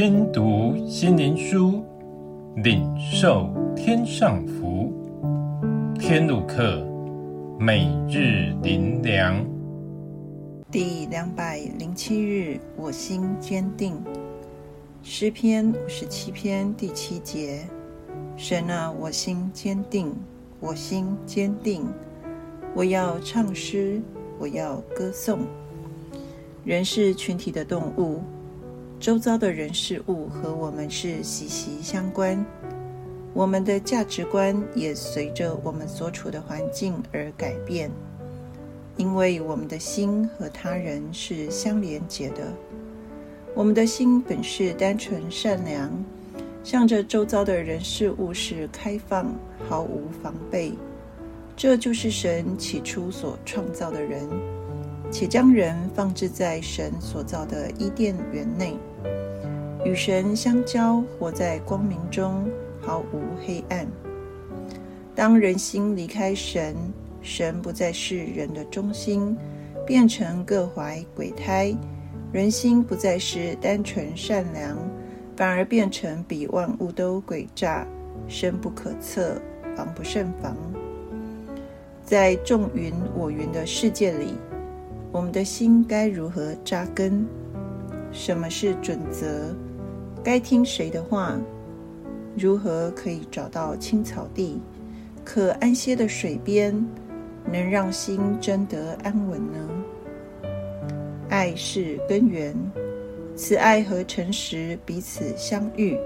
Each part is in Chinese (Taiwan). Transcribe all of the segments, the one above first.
聽讀心靈書，領受天上福。天路客，每日靈糧。第兩百零七日，我心堅定。詩篇五十七篇第七節：神啊，我心堅定，我心堅定。我要唱詩，我要歌頌。人是群體的動物。周遭的人事物和我們是息息相關，我們的價值觀也隨着我們所處的環境而改變，因為我們的心和他人是相連結的。我們的心本是單純善良，向着周遭的人事物是開放，毫無防備。這就是神起初所創造的人，且將人放置在神所造的伊甸園內。與神相交，活在光明中，毫無黑暗。當人心離開神，神不再是人的中心，變成各懷鬼胎，人心不再是單純善良，反而變成比萬物都詭詐、深不可測、防不勝防。在眾云我云的世界裡，我們的心該如何扎根？什麼是準則？該聽誰的話？如何可以找到青草地、可安歇的水邊，能讓心真得安穩呢？愛是根源，慈愛和誠實彼此相遇，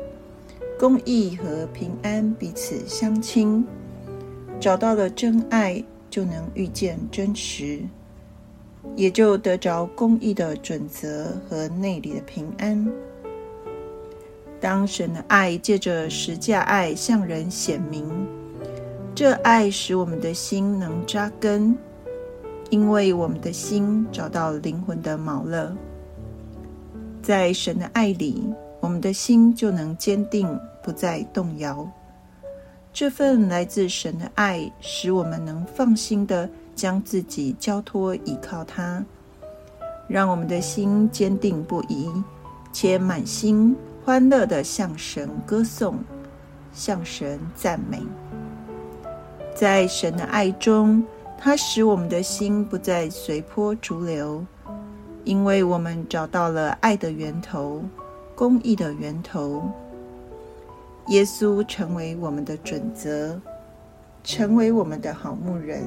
公義和平安彼此相親。找到了真愛，就能遇見真實，也就得着公義的準則和內裡的平安。當神的愛借着十架愛向人顯明，這愛使我們的心能扎根，因為我們的心找到了靈魂的錨了。在神的愛裡，我們的心就能堅定，不再動搖。這份來自神的愛，使我們能放心的將自己交託倚靠祂，讓我們的心堅定不移，且滿心歡樂的向神歌頌，向神讚美。在神的愛中，他使我們的心不再隨波逐流，因為我們找到了愛的源頭，公義的源頭。耶穌成為我們的準則，成為我們的好牧人。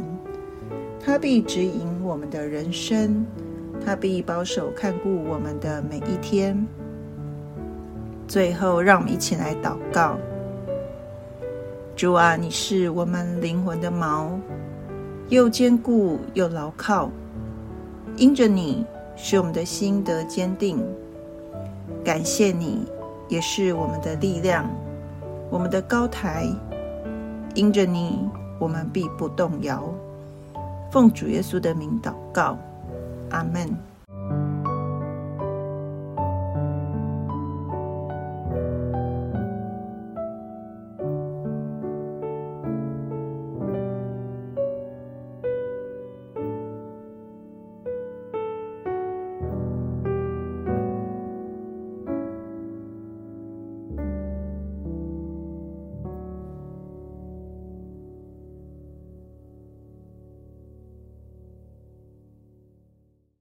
他必指引我們的人生，他必保守看顧我們的每一天。最後，讓我們一起來禱告。主啊，你是我們靈魂的錨，又堅固又牢靠。因着你，使我們的心得堅定。感謝你，也是我們的力量，我們的高臺。因着你，我們必不動搖。奉主耶穌的名禱告，阿們。